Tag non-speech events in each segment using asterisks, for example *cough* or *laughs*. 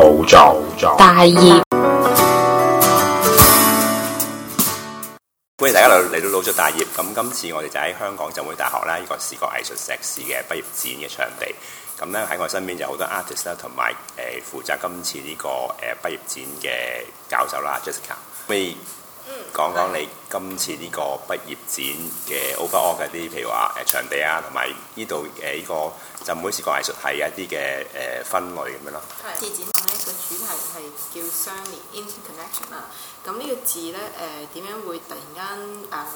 腦作大業，歡迎大家嚟到腦作大業。咁今次我哋就喺香港浸會大學啦，呢個視覺藝術碩士嘅畢業展嘅場地。咁呢，喺我身邊就有好多 artist 啦，同埋誒負責今次呢個誒畢業展嘅教授啦，Jessica。講講你今次呢個畢業展嘅 overall 嘅啲，譬如話誒場地啊，同埋呢度嘅呢個就唔每次個藝術系一啲嘅誒分類咁的樣咯。畢業展咧個主題係叫相連 Interconnection 啊。咁呢個字咧誒點樣會突然間誒、呃、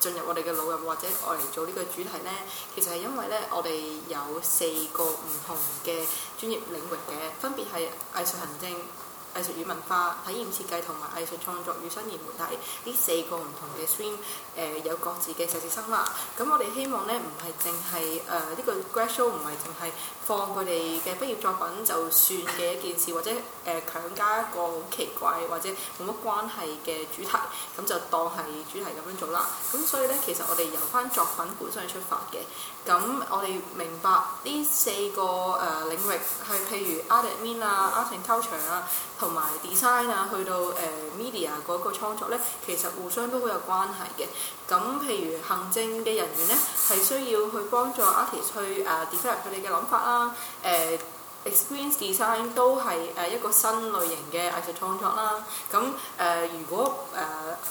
進入我哋嘅腦入，或者我嚟做呢個主題咧？其實係因為咧，我哋有四個唔同嘅專業領域嘅，分別係藝術行政。嗯藝術與文化體驗設計同埋藝術創作與新媒體呢四個唔同嘅 stream。誒、呃、有各自嘅碩士生啦，咁我哋希望咧唔係淨係誒呢是是、呃呢個 grad show 唔係淨係放佢哋嘅畢業作品就算嘅一件事，或者誒、呃、強加一個好奇怪或者冇乜關係嘅主題，咁就當係主題咁樣做啦。咁所以咧，其實我哋由翻作品本身去出發嘅，咁我哋明白呢四個誒、呃、領域係譬如 art admin 啊、art and culture 啊、同埋 design 啊，去到誒、呃、media 嗰個創作咧，其實互相都好有關係嘅。咁譬如行政嘅人員咧，係需要去幫助 artist 去誒 develop 佢哋嘅諗法啦。誒、呃、experience design 都係誒一個新類型嘅藝術創作啦。咁、呃、誒，如果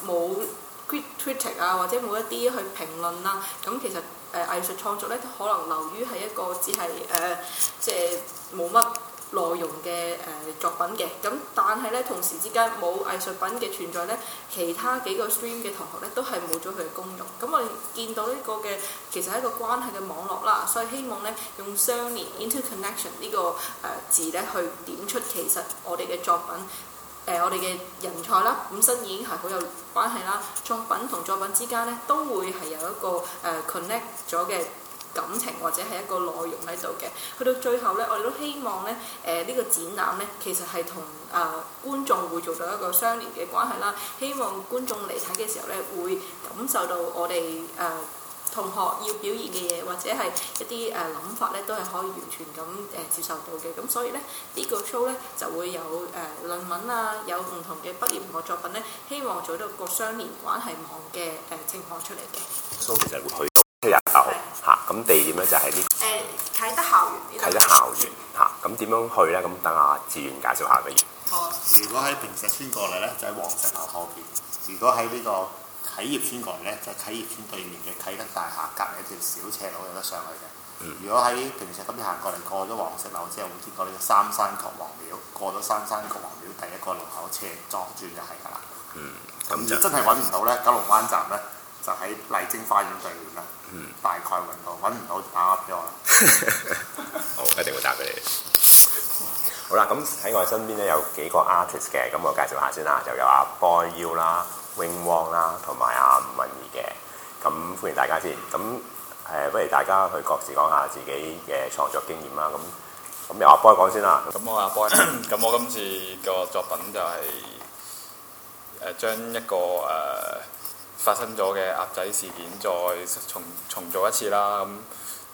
誒冇 critic 啊，或者冇一啲去評論啦，咁、啊、其實誒、呃、藝術創作咧都可能流於係一個只係誒即係冇乜。呃就是內容嘅誒、呃、作品嘅，咁但係咧同時之間冇藝術品嘅存在咧，其他幾個 stream 嘅同學咧都係冇咗佢嘅功用。咁我哋見到呢個嘅其實係一個關係嘅網絡啦，所以希望咧用相連 interconnection、這個呃、呢個誒字咧去點出其實我哋嘅作品誒、呃、我哋嘅人才啦本身已經係好有關係啦，作品同作品之間咧都會係有一個誒、呃、connect 咗嘅。感情或者係一個內容喺度嘅，去到最後呢，我哋都希望呢，誒、呃、呢、這個展覽呢，其實係同誒觀眾會做到一個相連嘅關係啦。希望觀眾嚟睇嘅時候呢，會感受到我哋誒、呃、同學要表現嘅嘢，或者係一啲誒諗法呢，都係可以完全咁誒、呃、接受到嘅。咁所以呢，呢、這個 show 呢，就會有誒論、呃、文啊，有唔同嘅畢業同學作品呢，希望做到一個相連關係網嘅誒、呃、情況出嚟嘅。So actually, okay. 咁地點咧就喺呢，誒啟德校園呢？啟德校園嚇，咁點樣去咧？咁等下志願介紹下嘅嘢。如果喺平石村過嚟咧，就喺黃石樓後邊；如果喺呢個啟業村過嚟咧，就喺啟業村對面嘅啟德大廈隔籬一條小斜路有得上去嘅。嗯、如果喺平石咁行過嚟，過咗黃石樓之後，會見到呢個三山國王廟。過咗三山國王廟第一個路口車左轉就係㗎啦。嗯，咁就真係揾唔到咧，九龍灣站咧。就喺麗晶花園對面啦，嗯，大概揾到，揾唔到打個俾我啦。 *laughs* *laughs* 好，一定會打俾你。 *laughs* 好啦，咁喺我哋身邊咧有幾個 artist 嘅，咁我介紹下先啦，就有阿、啊、Boy U 啦、Wing Wong 啦，同埋阿吳韻儀嘅。咁歡迎大家先。咁誒，不、呃、如大家去各自講下自己嘅創作經驗啦。咁咁由阿、啊、Boy 講先啦。咁我阿 Boy，咁我今次個作品就係、是、誒、呃、將一個誒。呃發生咗嘅鴨仔事件，再重重做一次啦。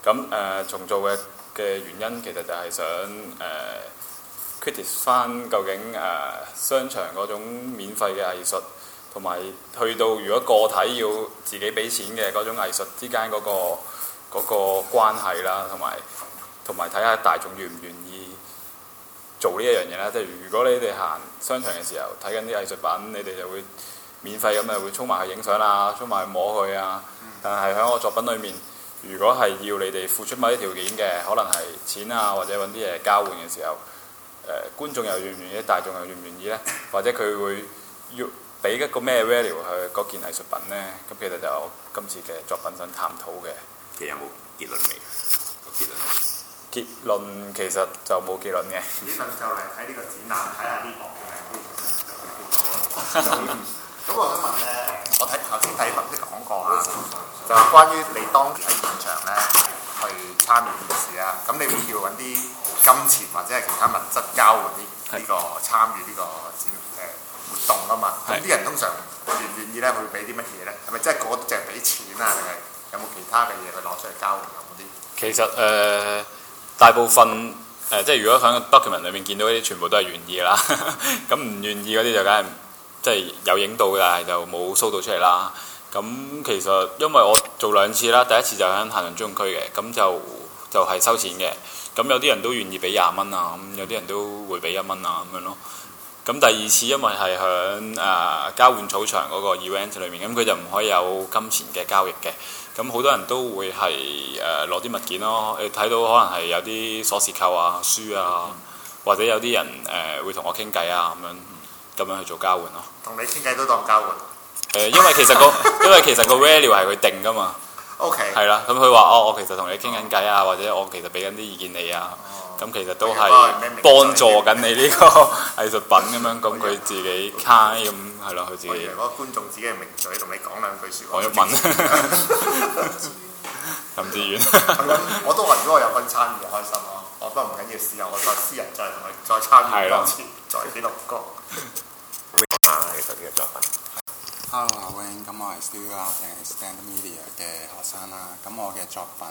咁咁誒重做嘅嘅原因，其實就係想誒 critic 翻究竟誒、呃、商場嗰種免費嘅藝術，同埋去到如果個體要自己俾錢嘅嗰種藝術之間嗰個嗰個關係啦，同埋同埋睇下大眾願唔願意做呢一樣嘢啦。即係如果你哋行商場嘅時候睇緊啲藝術品，你哋就會。免費咁咪會衝埋去影相啦，衝埋去摸佢啊！嗯、但係喺我作品裏面，如果係要你哋付出某啲條件嘅，可能係錢啊，或者揾啲嘢交換嘅時候，誒、呃、觀眾又願唔願意，大眾又願唔願意呢？或者佢會要俾一個咩 value 去嗰件藝術品呢？咁其實就今次嘅作品想探討嘅，其實有冇結論未？個結論？結論其實就冇結論嘅。結論就嚟睇呢個展覽，睇下呢個嘅嘢先，就不過，我想問咧，我睇頭先睇粉色講過啊，就關於你當時喺現場咧去參與件事啊，咁你會要揾啲金錢或者係其他物質交換啲、這、呢個是參與呢個展誒活動啊嘛？咁啲是人通常願唔願意咧？佢會俾啲乜嘢咧？係咪即係個個淨係俾錢啊？定係有冇其他嘅嘢去攞出嚟交換嗰啲？有有其實誒、呃，大部分誒、呃、即係如果喺 document 裏面見到啲，全部都係願意啦。咁 *laughs* 唔願意嗰啲就梗係。即係有影到，但係就冇收到出嚟啦。咁其實因為我做兩次啦，第一次就喺行人中區嘅，咁就就係收錢嘅。咁有啲人都願意俾廿蚊啊，咁有啲人都會俾一蚊啊咁樣咯。咁第二次因為係響誒交換草場嗰個 event 裏面，咁佢就唔可以有金錢嘅交易嘅。咁好多人都會係誒攞啲物件咯，你睇到可能係有啲鎖匙扣啊、書啊，或者有啲人誒、呃、會同我傾偈啊咁樣。咁樣去做交換咯，同你傾偈都當交換。誒，因為其實個因為其實個 value 係佢定噶嘛。O K。係啦，咁佢話哦，我其實同你傾緊偈啊，或者我其實俾緊啲意見你啊。咁其實都係幫助緊你呢個藝術品咁樣。咁佢自己卡咁係咯，佢自己。嗰個觀眾自己嘅名嘴，同你講兩句説話。我一問啊，林志遠。我都話：如果我有份參與，就開心咯。我不過唔緊要，試下，我再私人再同佢再參與多次，再俾多個。其實呢個作品。Hello 阿 Wing，咁我係 Studio and Stand Media 嘅學生啦。咁我嘅作品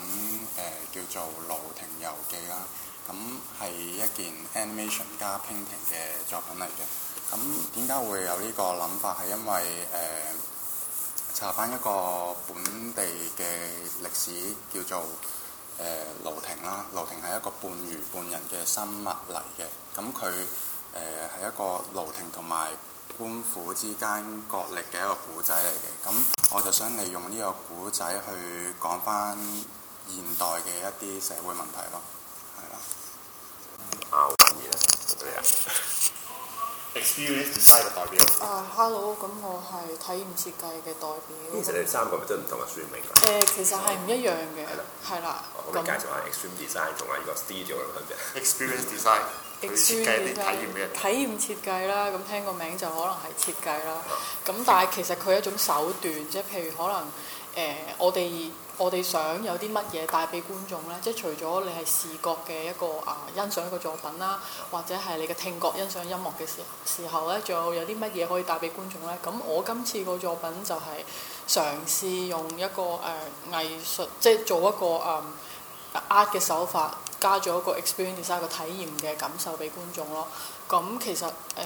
誒叫做《盧庭遊記》啦。咁係一件 Animation 加 Painting 嘅作品嚟嘅。咁點解會有呢個諗法？係因為誒查返一個本地嘅歷史，叫做誒盧庭啦。盧庭係一個半魚半人嘅生物嚟嘅。咁佢誒係一個盧庭同埋。官府之間角力嘅一個古仔嚟嘅，咁我就想利用呢個古仔去講返現代嘅一啲社會問題咯，係啦。牛嘢、啊，你啊 *laughs* ？Experience design 嘅代表啊、uh，Hello，咁我係體驗設計嘅代表。其實你三個咪都唔同嘅書名咯。誒，其實係唔一樣嘅，係啦。我咪介紹下那 design experience design 同埋呢個 studio 嘅分別。Experience design。 *laughs* 設計嚟體驗咩啊？體驗設計啦，咁聽個名就可能係設計啦。咁但係其實佢一種手段啫。即譬如可能誒、呃，我哋我哋想有啲乜嘢帶俾觀眾呢？即係除咗你係視覺嘅一個啊、呃、欣賞一個作品啦，或者係你嘅聽覺欣賞音樂嘅時時候呢，仲有有啲乜嘢可以帶俾觀眾呢？咁我今次個作品就係嘗試用一個誒、呃、藝術，即係做一個啊壓嘅手法。加咗一個 experience 一個體驗嘅感受俾觀眾咯。咁其實誒、呃、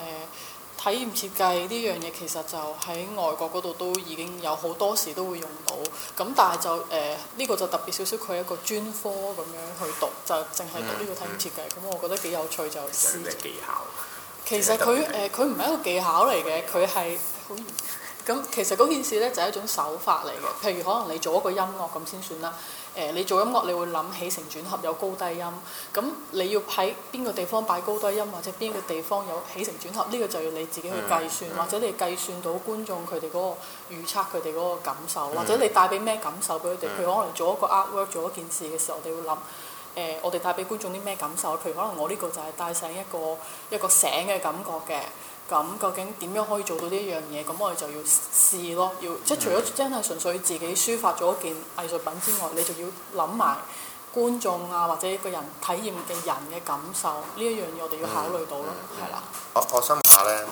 體驗設計呢樣嘢其實就喺外國嗰度都已經有好多時都會用到。咁但係就誒呢、呃這個就特別少少，佢係一個專科咁樣去讀，就淨係讀呢個體驗設計。咁、嗯嗯、我覺得幾有趣就試試。有咩技巧？其實佢誒佢唔係一個技巧嚟嘅，佢係好咁。其實嗰件事咧就係一種手法嚟嘅。譬、嗯、如可能你做一個音樂咁先算啦。誒，你做音樂，你會諗起承轉合有高低音，咁你要喺邊個地方擺高低音，或者邊個地方有起承轉合，呢、這個就要你自己去計算，mm hmm. 或者你計算到觀眾佢哋嗰個預測佢哋嗰個感受，mm hmm. 或者你帶俾咩感受俾佢哋，佢、mm hmm. 可能做一個 artwork 做一件事嘅時候，你會諗。誒、呃，我哋帶俾觀眾啲咩感受？譬如可能我呢個就係帶上一個一個醒嘅感覺嘅。咁、嗯嗯、究竟點樣可以做到呢一樣嘢？咁我哋就要試咯，要即係除咗真係純粹自己抒發咗一件藝術品之外，你就要諗埋觀眾啊，或者個人體驗嘅人嘅感受呢一樣嘢，我哋要考慮到咯，係、嗯嗯嗯、啦。我我想問下咧，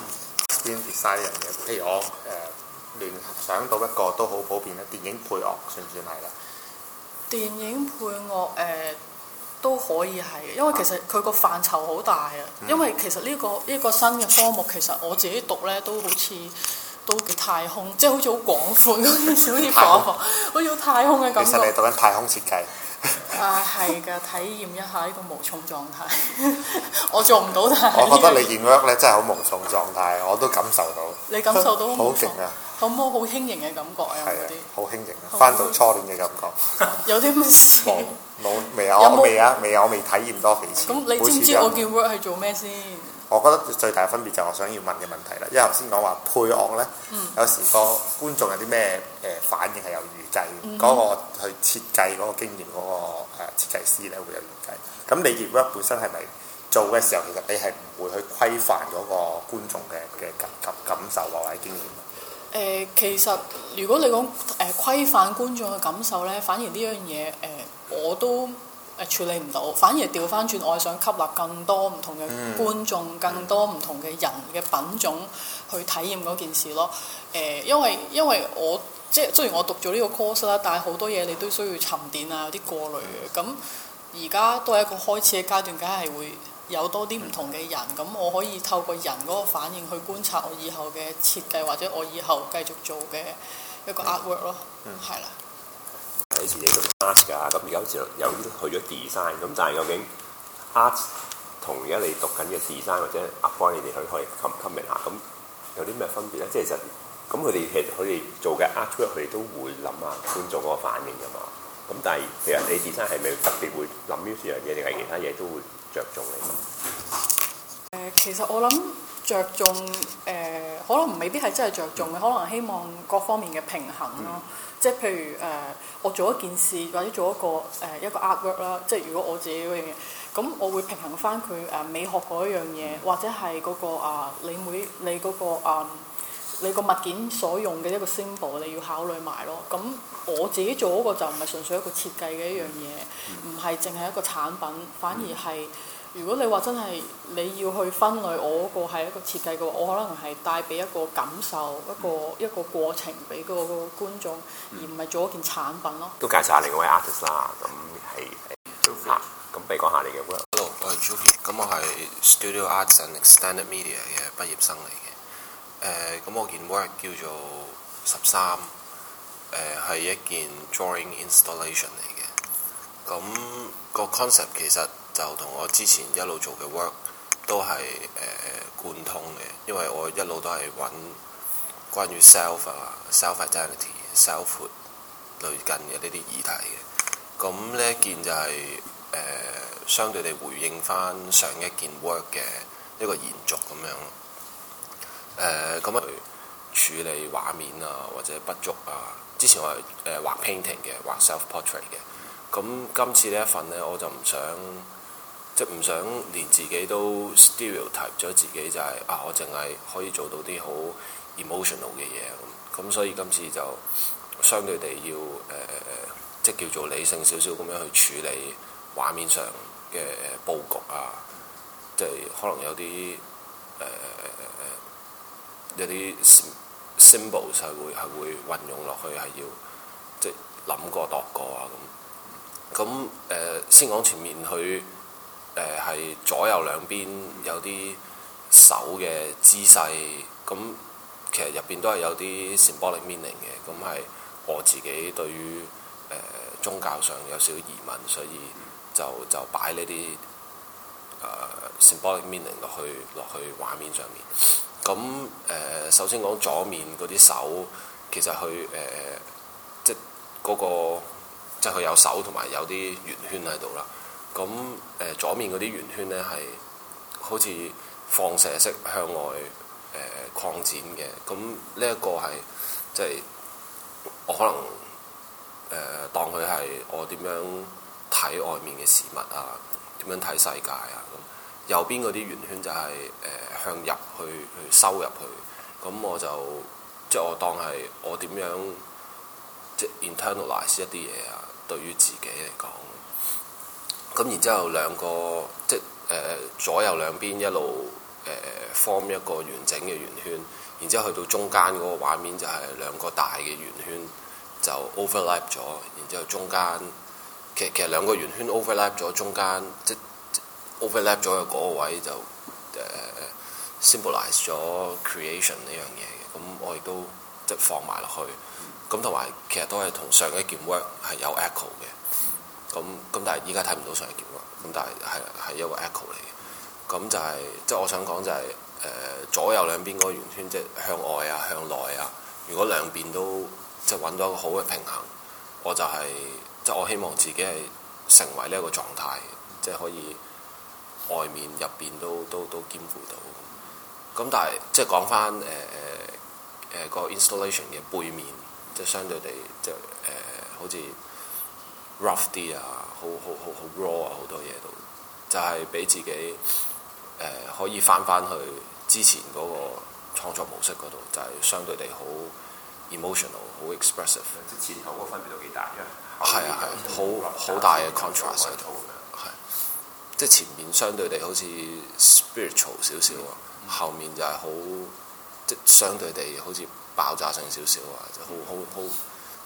邊 design 人嘅，譬如我誒聯、呃、想到一個都好普遍嘅電影配樂算唔算係啦？電影配樂誒。呃呃都可以係，因為其實佢個範疇好大啊。嗯、因為其實呢、個呢、個新嘅科目，其實我自己讀咧都好似都叫太空，即係好似好廣闊，好似嘅小嘢講，好似太空嘅 *laughs* 空 *laughs* 感覺。其實你讀緊太空設計。啊，係噶，體驗一下呢個無重狀態。我做唔到，但係我覺得你件 work 咧真係好無重狀態，我都感受到。你感受到好勁啊！好冇好輕盈嘅感覺呀？係啊，啲好輕盈啊，翻到初戀嘅感覺。有啲咩事？冇，未啊，未啊，未啊，我未體驗多幾次。咁你知唔知我叫 work 係做咩先？我覺得最大分別就係我想要問嘅問題啦。因為頭先講話配樂咧，有時個觀眾有啲咩誒反應係有預計，嗰個去設計嗰個經驗嗰個。設計師咧會有設計，咁你 w o 本身係咪做嘅時候，其實你係唔會去規範嗰個觀眾嘅嘅感感受或者點？誒、呃，其實如果你講誒、呃、規範觀眾嘅感受咧，反而呢樣嘢誒，我都誒處理唔到，反而調翻轉，我想吸納更多唔同嘅觀眾，嗯、更多唔同嘅人嘅品種去體驗嗰件事咯。誒、呃，因為因為我。即係雖然我讀咗呢個 course 啦，但係好多嘢你都需要沉澱啊，有啲過濾嘅。咁而家都係一個開始嘅階段，梗係會有多啲唔同嘅人。咁、嗯、我可以透過人嗰個反應去觀察我以後嘅設計，或者我以後繼續做嘅一個 artwork 咯、嗯，係啦的。以前你讀 art 噶，咁而家好似有去咗 design，咁但係究竟 art 同而家你讀緊嘅 design 或者 artwork，你哋去去 comment 下，咁有啲咩分別咧？即係其實。咁佢哋其實佢哋做嘅 artwork，佢哋都會諗下觀眾嗰個反應㗎嘛。咁但係譬如你 design 係咪特別會諗呢啲樣嘢，定係其他嘢都會著重咧？誒，其實我諗著重誒，可能未必係真係著重嘅，可能希望各方面嘅平衡咯。即係譬如誒，我做一件事或者做一個誒一個 artwork 啦，即係如果我自己嗰樣嘢，咁我會平衡翻佢誒美學嗰一樣嘢，或者係嗰個啊你妹你嗰個啊。你個物件所用嘅一個 symbol，你要考慮埋咯。咁我自己做嗰個就唔係純粹一個設計嘅一樣嘢，唔係淨係一個產品，反而係如果你話真係你要去分類我嗰個係一個設計嘅話，我可能係帶俾一個感受、一個一個過程俾個觀眾，而唔係做一件產品咯。嗯、都介紹下、啊、下你嗰位 artist 啦，咁係啊，咁俾講下你嘅 work。Hello，我係 Judy，咁我係 Studio Arts and Extended Media 嘅畢業生嚟。誒咁，呃、我件 work 叫做十三、呃，誒係一件 drawing installation 嚟嘅。咁、嗯那個 concept 其實就同我之前一路做嘅 work 都係誒、呃、貫通嘅，因為我一路都係揾關於 self 啊、self identity、selfhood 類近嘅呢啲議題嘅。咁呢、嗯、一件就係、是、誒、呃、相對地回應翻上，上一件 work 嘅一個延續咁樣咯。誒咁樣去處理畫面啊，或者不足啊。之前我係誒、呃、畫 painting 嘅，畫 self-portrait 嘅。咁今次呢一份咧，我就唔想即係唔想連自己都 stereotype 咗自己，就係，就係啊我淨係可以做到啲好 emotional 嘅嘢咁。咁所以今次就相對地要誒、呃、即係叫做理性少少咁樣去處理畫面上嘅佈局啊，即係可能有啲誒。呃有啲 symbol 就係會係會運用落去，係要即係諗過度過啊咁。咁誒、呃、先講前面佢誒係左右兩邊有啲手嘅姿勢，咁其實入邊都係有啲 symbolic meaning 嘅。咁係我自己對於誒、呃、宗教上有少少疑問，所以就就擺呢啲誒 symbolic meaning 落去落去畫面上面。咁誒、呃，首先講左面嗰啲手，其實佢誒、呃、即係嗰、嗰個即係佢有手同埋有啲圓圈喺度啦。咁誒、呃、左面嗰啲圓圈咧係好似放射式向外誒、呃、擴展嘅。咁呢一個係即係我可能誒、呃、當佢係我點樣睇外面嘅事物啊，點樣睇世界啊咁。右邊嗰啲圓圈就係誒向入去去收入去，咁我就即係我當係我點樣即係 internalize 一啲嘢啊，對於自己嚟講，咁然之後兩個即係誒左右兩邊一路誒 form 一個完整嘅圓圈，然之後去到中間嗰個畫面就係兩個大嘅圓圈就 overlap 咗，然之後中間其實其實兩個圓圈 overlap 咗中間即 Overlap 咗嘅嗰個位就誒、uh, symbolize 咗 creation 呢樣嘢嘅，咁我亦都即係、就是、放埋落去咁，同埋、嗯、其實都係同上一件 work 係有 echo 嘅。咁咁、嗯嗯，但係依家睇唔到上一件 work，咁但係係係一個 echo 嚟嘅。咁就係即係我想講就係、是、誒、呃、左右兩邊嗰個圓圈，即、就、係、是、向外啊，向內啊。如果兩邊都即係揾到一個好嘅平衡，我就係即係我希望自己係成為呢一個狀態，即、就、係、是、可以。外面入邊都都都兼顧到，咁但係即係講翻誒誒誒個 installation 嘅背面，即係相對地即係誒好似 rough 啲啊，好好好好 raw 啊，好多嘢都就係俾自己誒可以翻翻去之前嗰個創作模式嗰度，就係相對地好 emotional，好 expressive。前後個分別都幾大？係啊係啊，好好大嘅 contrast 喺度。即係前面相對地好似 spiritual 少少，後面就係好即相對地好似爆炸性少少啊！即好好好，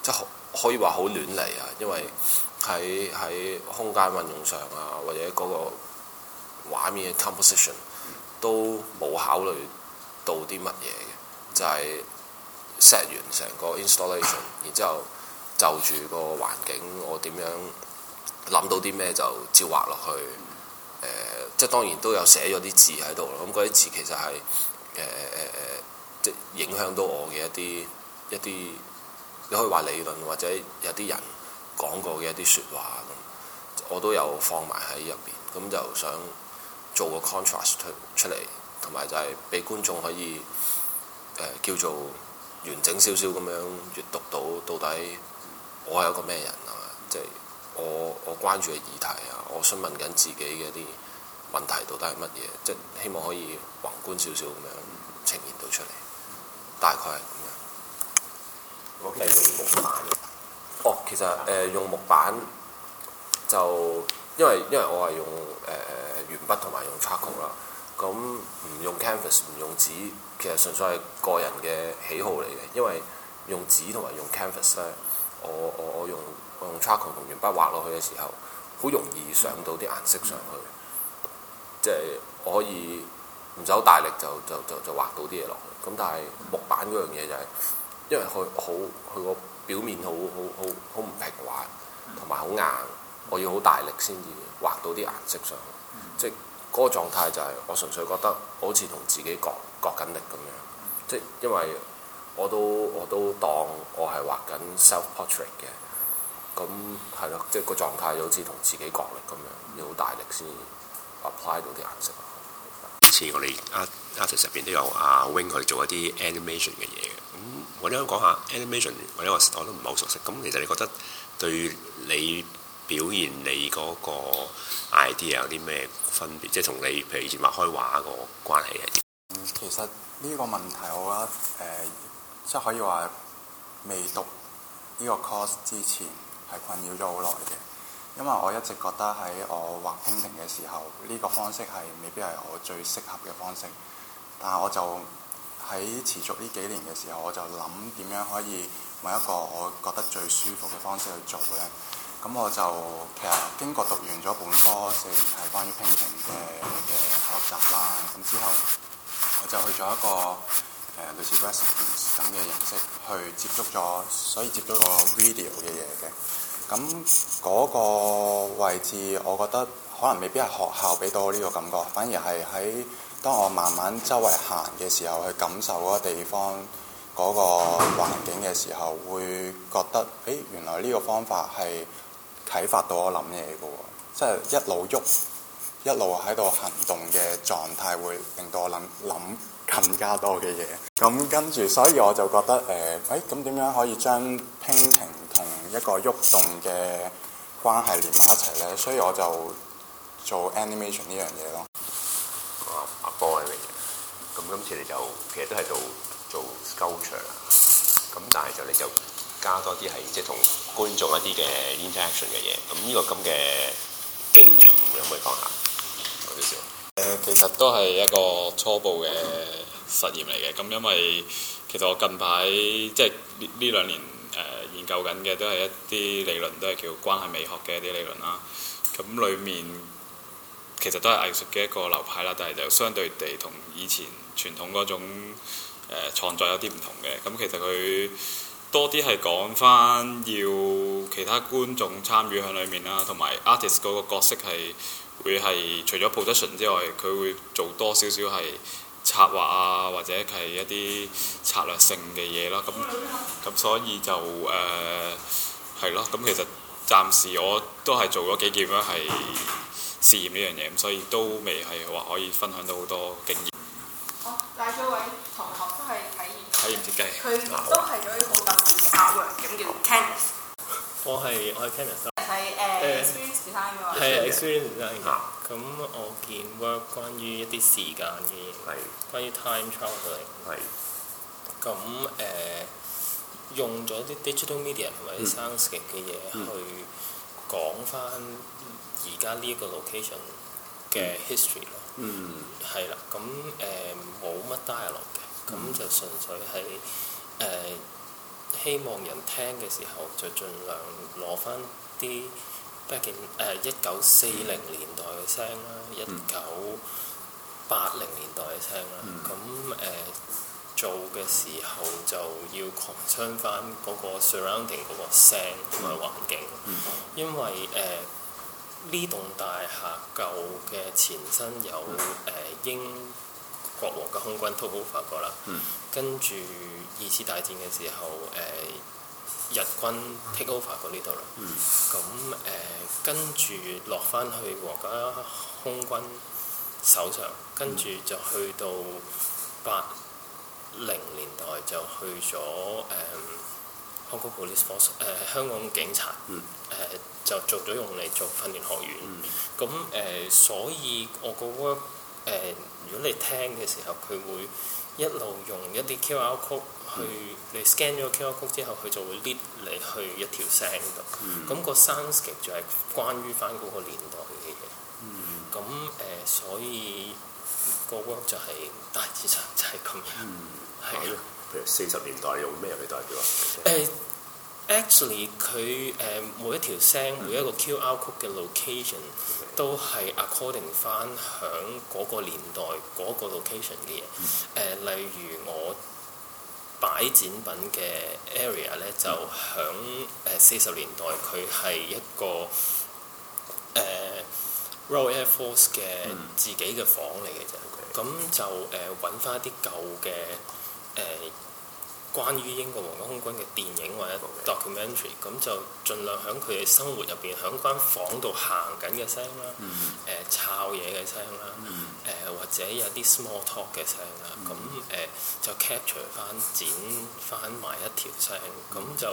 即係可以話好亂嚟啊！因為喺喺空間運用上啊，或者嗰個畫面嘅 composition 都冇考慮到啲乜嘢嘅，就係 set 完成個 installation，然之後就住個環境，我點樣諗到啲咩就照畫落去。誒、呃，即係當然都有寫咗啲字喺度啦。咁嗰啲字其實係誒誒誒，即影響到我嘅一啲一啲，你可以話理論或者有啲人講過嘅一啲説話、嗯，我都有放埋喺入邊。咁、嗯、就想做個 contrast 出嚟，同埋就係俾觀眾可以誒、呃、叫做完整少少咁樣閱讀到到底我係一個咩人啊、嗯？即係。我我關注嘅議題啊，我詢問緊自己嘅一啲問題，到底係乜嘢？即係希望可以宏觀少少咁樣呈現到出嚟，大概係咁樣？我、okay，係用木板。哦，其實誒、呃、用木板就因為因為我係用誒鉛、呃、筆同埋用 charcoal 啦，咁唔用 canvas 唔用紙，其實純粹係個人嘅喜好嚟嘅。因為用紙同埋用 canvas 咧，我我我用。用 charcoal 同鉛筆畫落去嘅時候，好容易上到啲顏色上去，即係我可以唔走大力就就就就畫到啲嘢落去。咁但係木板嗰樣嘢就係，因為佢好佢個表面好好好好唔平滑，同埋好硬，我要好大力先至畫到啲顏色上去。即係嗰個狀態就係我純粹覺得好似同自己割割緊力咁樣。即係因為我都我都當我係畫緊 self portrait 嘅。Port 咁係咯，即係個狀態好似同自己角力咁樣，要好大力先 apply 到啲顏色。之前我哋阿阿 artist 入邊都有阿 Wing 去做一啲 animation 嘅嘢嘅，咁、嗯、我，我，我都想講下 animation，我呢個我我都唔係好熟悉。咁其實你覺得對你表現你嗰個 idea 有啲咩分別？即係同你譬如以前畫開畫個關係係點、嗯？其實呢個問題我覺得誒、呃，即係可以話未讀呢個 course 之前。係困擾咗好耐嘅，因為我一直覺得喺我畫 painting 嘅時候，呢、這個方式係未必係我最適合嘅方式。但係我就喺持續呢幾年嘅時候，我就諗點樣可以揾一個我覺得最舒服嘅方式去做呢。咁我就其實經過讀完咗本科，成係關於 painting 嘅嘅學習啦。咁之後我就去咗一個。誒類似 residence 咁嘅形式去接觸咗，所以接觸個 video 嘅嘢嘅。咁嗰、那個位置，我覺得可能未必係學校俾到我呢個感覺，反而係喺當我慢慢周圍行嘅時候，去感受嗰個地方嗰、那個環境嘅時候，會覺得誒、欸、原來呢個方法係啟發到我諗嘢嘅喎。即係一路喐，一路喺度行動嘅狀態，會令到我諗諗更加多嘅嘢，咁跟住，所以我就覺得誒，誒咁點樣可以將平衡同一個喐動嘅關係連埋一齊咧？所以我就做 animation 呢樣嘢咯。阿 boy，咁今次你就其實都係做做 structure 啦，咁但係就你就加多啲係即係同觀眾一啲嘅 interaction 嘅嘢。咁呢個咁嘅經驗有冇講下？有少少。其實都係一個初步嘅實驗嚟嘅。咁因為其實我近排即係呢呢兩年誒、呃、研究緊嘅都係一啲理論，都係叫關係美學嘅一啲理論啦。咁裏面其實都係藝術嘅一個流派啦，但係就相對地同以前傳統嗰種誒呃、創作有啲唔同嘅。咁其實佢多啲係講翻要其他觀眾參與喺裏面啦，同埋 artist 嗰個角色係會係除咗 position 之外，佢會做多少少係策劃啊，或者係一啲策略性嘅嘢啦。咁咁所以就誒係咯。咁、呃、其實暫時我都係做咗幾件啦，係試驗呢樣嘢。咁所以都未係話可以分享到好多經驗。好、哦，另、那、外、個、位同學都係體驗體驗設計，佢都係做咗好特別嘅嘢，咁叫 Cannes 我係我係 Cannes 係啊 s e r 咁我見 work 咁。我關於一啲時間嘅嘢， *noise* 關於 time travelling。係咁誒，用咗啲 digital media 同埋啲 soundscape 嘅嘢去講翻而家呢一個 location 嘅 history 咯。嗯，係啦、嗯。咁誒冇乜 dialogue 嘅，咁、嗯、就純粹係誒、呃、希望人聽嘅時候就盡量攞翻啲。一件誒一九四零年代嘅聲啦，一九八零年代嘅聲啦，咁誒、mm. uh, 做嘅時候就要擴張翻嗰個 surrounding 嗰個聲同埋、那個、環境，mm. 因為誒呢、uh, 棟大廈舊嘅前身有誒、mm. 呃、英國王嘅空軍都好發過啦，mm. 跟住二次大戰嘅時候誒。Uh, 日軍 take over 過呢度啦，咁誒、嗯嗯嗯、跟住落翻去皇家空軍手上，跟住就去到八零年代就去咗誒 Hong Kong Police Force 誒、呃、香港警察，誒、嗯嗯、就做咗用嚟做訓練學院。咁誒、嗯嗯嗯嗯、所以我個 work 誒如果你聽嘅時候，佢會一路用一啲 QR Code。去、 *noise* 嗯、你 scan 咗 QR code 之後，佢就會 lead 你去一條聲度。咁個 soundscape 就係關於翻嗰個年代嘅嘢。咁誒麼、嗯呃，所以、那個 work 就係、是、大致上就係咁樣。係、嗯、啊，譬如四十年代用咩嚟代表啊？誒、呃、 *noise* ，actually，佢誒、呃、每一條聲、嗯、每一個 QR code 嘅 location、嗯、都係 according 翻響嗰個年代嗰、那個 location 嘅嘢。誒、嗯，例如我。擺展品嘅 area 咧，就響誒四十年代，佢係一個誒、呃、Royal Air Force 嘅自己嘅房嚟嘅啫。咁、嗯、就誒揾翻啲舊嘅誒。呃關於英國皇家空軍嘅電影或者 documentary，咁 Okay. 就盡量喺佢嘅生活入邊，喺間房度行緊嘅聲啦，誒摷嘢嘅聲啦，誒或者有啲 small talk 嘅聲啦，咁誒、mm hmm. 呃、就 capture 翻剪翻埋一條聲，咁、mm hmm. 就誒、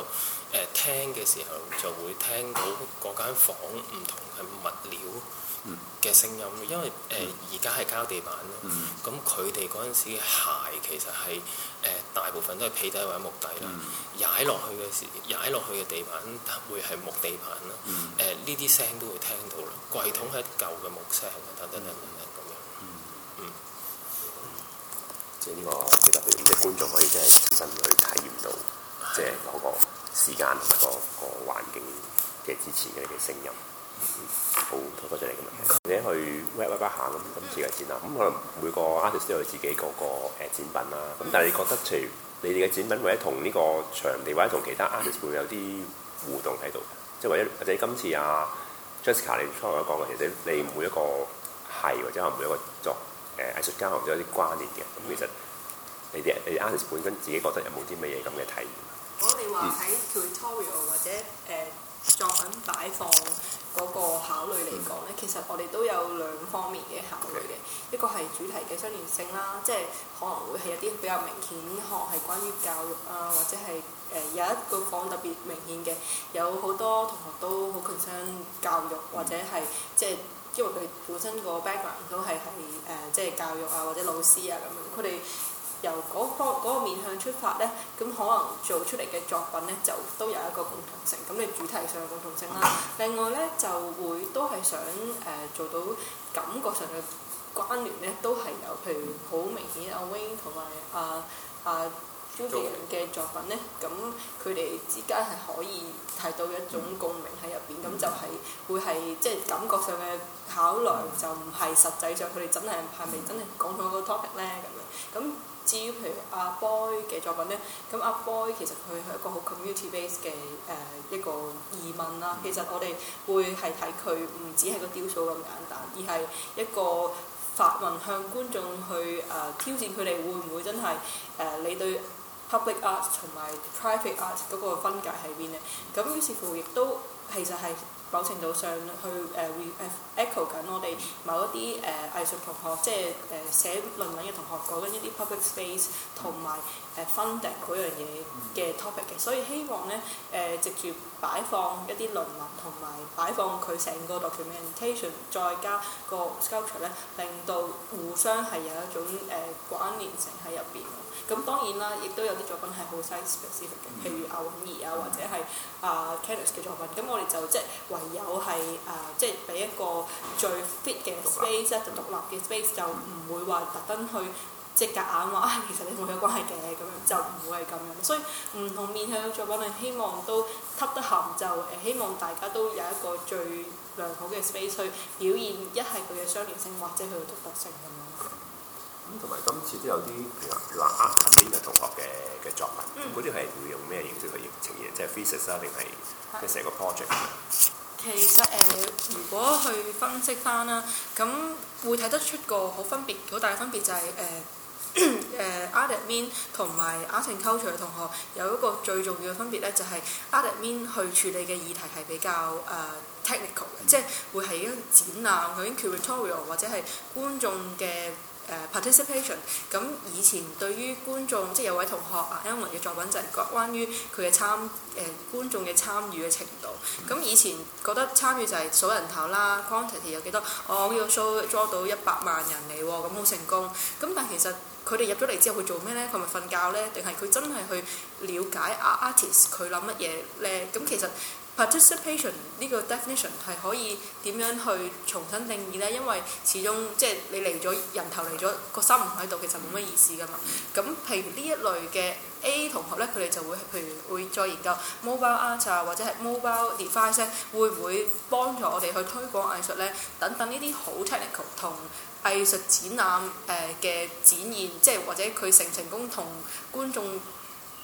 呃、聽嘅時候就會聽到嗰間房唔同嘅物料嘅聲音，因為誒而家係膠地板咯，咁佢哋嗰陣嘅鞋其實係誒大部分都係皮底或者木底啦，踩落去嘅時踩落去嘅地板會係木地板咯，誒呢啲聲都會聽到啦。櫃桶係舊嘅木聲，等等。咁樣。嗯即係呢個，即係即係觀眾可以真係親身去體驗到，即係嗰個時間、嗰個環境嘅支持嘅呢啲聲音。好多謝你嘅問題。你，你去 web 一下，咁今次嘅展覽，咁可能每個 artist 都有自己嗰個誒展品啦。咁但係你覺得，譬如你哋嘅展品或者同呢個場地或者同其他 artist 會有啲互動喺度即係，或者或者今次啊 Jessica 你初與一個話題，或者你每一個係或者每一個作誒藝術家有啲關聯嘅？咁其實你哋你 artist 本身自己覺得有冇啲乜嘢咁嘅體驗？我你話喺 tutorial 或者誒作品擺放。嗰個考慮嚟講呢，其實我哋都有兩方面嘅考慮嘅，Okay. 一個係主題嘅相連性啦，即係可能會係一啲比較明顯，學係關於教育啊，或者係誒有一個講特別明顯嘅，有好多同學都好傾向教育或者係即係因為佢本身個 background 都係係誒即係教育啊或者老師啊咁樣，佢哋，由嗰方嗰個面向出發呢，咁可能做出嚟嘅作品呢，就都有一個共同性。咁你主題上有共同性啦。另外呢，就會都係想誒、呃、做到感覺上嘅關聯呢，都係有。譬如好明顯，阿 Wing 同埋阿阿 Joey 嘅作品呢。咁佢哋之間係可以提到一種共鳴喺入邊。咁、嗯、就係、是、會係即係感覺上嘅考量，就唔係實際上佢哋真係係咪真係講到嗰 topic 呢。咁樣咁。至於譬如阿 Boy 嘅作品咧，咁阿 Boy 其實佢係一個好 community base 嘅誒一個疑問啦。其實我哋會係睇佢唔止係個雕塑咁簡單，而係一個發問向觀眾去誒、呃、挑戰佢哋會唔會真係誒、呃、你對 public art 同埋 private art 嗰個分界喺邊咧？咁於是乎亦都其實係。某程度上去，去誒，會誒 echo 緊我哋某一啲誒藝術同學，即係誒寫論文嘅同學，講緊一啲 public space 同埋誒 funding 嗰樣嘢嘅 topic 嘅、mm，hmm。所以希望咧誒直接擺放一啲論文同埋擺放佢成個 documentation，再加個 sculpture 咧，令到互相係有一種誒、呃、關聯性喺入邊。咁當然啦，亦都有啲作品係好 site specific 嘅，譬如阿韻兒啊，或者係啊 Kenneth 嘅作品。咁我哋就即係、就是、唯有係誒，即係俾一個最 fit 嘅 space，即係獨立嘅 space, space，就唔會話特登去即係夾硬話啊，其實你冇有關係嘅咁樣，就唔會係咁樣。所以唔同面向嘅作品，我哋希望都吸得合，就誒希望大家都有一個最良好嘅 space 去表現一係佢嘅相連性，或者佢嘅獨特性咁樣。同埋今次都有啲，譬如話 art admin 嘅同學嘅嘅作品，嗰啲係會用咩形式去呈現？即係 thesis 啊，定係即係成個 project。其實誒，如果去分析翻啦，咁會睇得出個好分別，好大嘅分別就係誒誒，art admin 同埋 art and culture 嘅同學有一個最重要嘅分別咧，就係 art admin 去處理嘅議題係比較誒、uh, technical 嘅、嗯，即係會係一展覽、嗰啲 curatorial 或者係觀眾嘅。Uh, participation，咁以前對於觀眾，即、就、係、是、有位同學啊 Emily 嘅作品就係關關於佢嘅參誒、呃、觀眾嘅參與嘅程度。咁以前覺得參與就係數人頭啦，quantity 有幾多？我要數 join 到一百萬人嚟喎，咁好成功。咁但係其實佢哋入咗嚟之後佢做咩呢？佢咪瞓覺呢？定係佢真係去了解 artist art 佢諗乜嘢呢？咁其實。Participation 呢個 definition 係可以點樣去重新定義呢？因為始終即係你嚟咗人頭嚟咗個心唔喺度，其實冇乜意思噶嘛。咁譬如呢一類嘅 A 同學呢，佢哋就會譬如會再研究 mobile art 或者係 mobile device 會唔會幫助我哋去推廣藝術呢？等等呢啲好 technical 同藝術展覽誒嘅展現，即係或者佢成唔成功同觀眾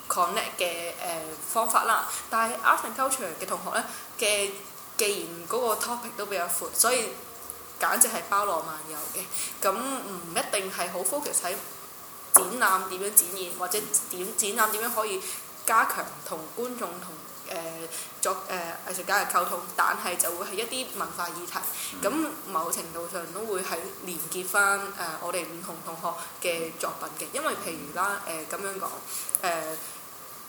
connect 嘅誒、呃、方法啦，但係 art and culture 嘅同學呢，嘅，既然嗰個 topic 都比較闊，所以簡直係包羅萬有嘅，咁、嗯、唔一定係好 focus 喺展覽點樣展現，或者點展覽點樣可以加強同觀眾同誒作誒藝術家嘅溝通，但係就會係一啲文化議題。咁、嗯、某程度上都會係連結翻誒、呃、我哋唔同同學嘅作品嘅，因為譬如啦誒咁樣講。誒、呃。呃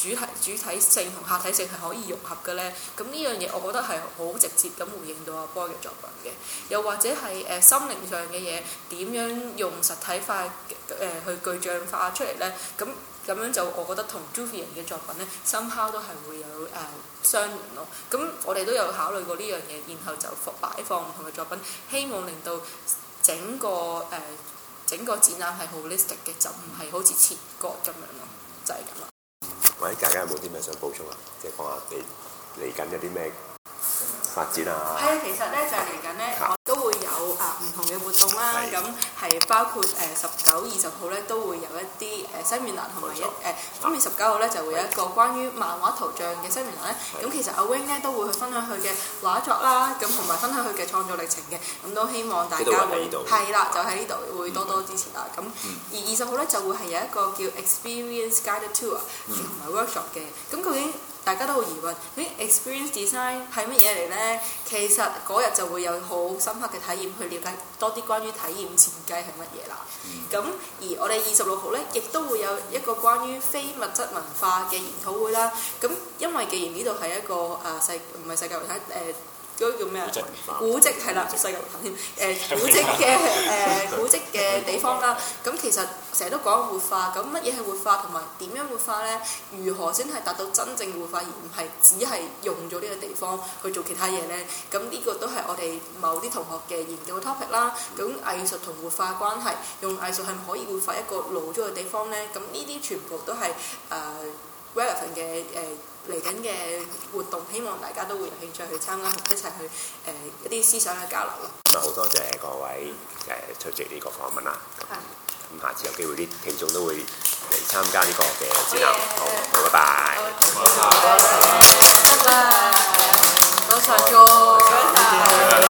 主題主體性同客體性係可以融合嘅呢。咁呢樣嘢我覺得係好直接咁回應到阿 Boy 嘅作品嘅，又或者係誒、呃、心靈上嘅嘢點樣用實體化誒去、呃、去具象化出嚟呢？咁咁樣就我覺得同 Juvian 嘅作品呢，somehow 都係會有誒、呃、相連咯。咁我哋都有考慮過呢樣嘢，然後就擺放擺放唔同嘅作品，希望令到整個誒、呃、整個展覽係 holistic 嘅，就唔係好似切割咁樣咯，就係咁啦。大家有冇啲咩想補充啊？即係講下你嚟緊有啲咩發展啊？係啊，其實咧就係嚟緊咧。啊！唔同嘅活動啦，咁係的包括誒十九、二十號咧，都會有一啲誒、呃、西錯、呃、面男同埋一誒，咁而十九號咧就會有一個關於漫畫圖像嘅 seminar 咧。咁的其實阿 Wing 咧都會去分享佢嘅畫作啦，咁同埋分享佢嘅創作歷程嘅。咁都希望大家會係啦，就喺呢度會多多支持啦。咁而二十號咧就會係有一個叫 experience guided tour 同埋 workshop 嘅。咁究竟？大家都好疑問，誒，experience design 係乜嘢嚟呢？其實嗰日就會有好深刻嘅體驗去了解多啲關於體驗設計係乜嘢啦。咁、嗯、而我哋二十六號呢，亦都會有一個關於非物質文化嘅研討會啦。咁因為既然呢度係一個誒、呃、世唔係世界遺產誒。呃應該叫咩啊？古蹟係啦，出世界遺產。古蹟嘅誒古蹟跡嘅 *laughs* 地方啦。咁 *laughs* 對其實成日都講活化，咁乜嘢係活化，同埋點樣活化呢？如何先係達到真正活化，而唔係只係用咗呢個地方去做其他嘢呢？咁呢個都係我哋某啲同學嘅研究 topic 啦。咁藝術同活化關係，用藝術係咪可以活化一個老咗嘅地方呢？咁呢啲全部都係誒 relevant 嘅誒。呃嚟緊嘅活動，希望大家都會有興趣去參加，一齊去誒一啲思想嘅交流咯。咁啊，好多謝各位誒出席呢個訪問啦。咁下次有機會啲聽眾都會嚟參加呢個嘅展覽。好，拜拜。拜拜。多謝。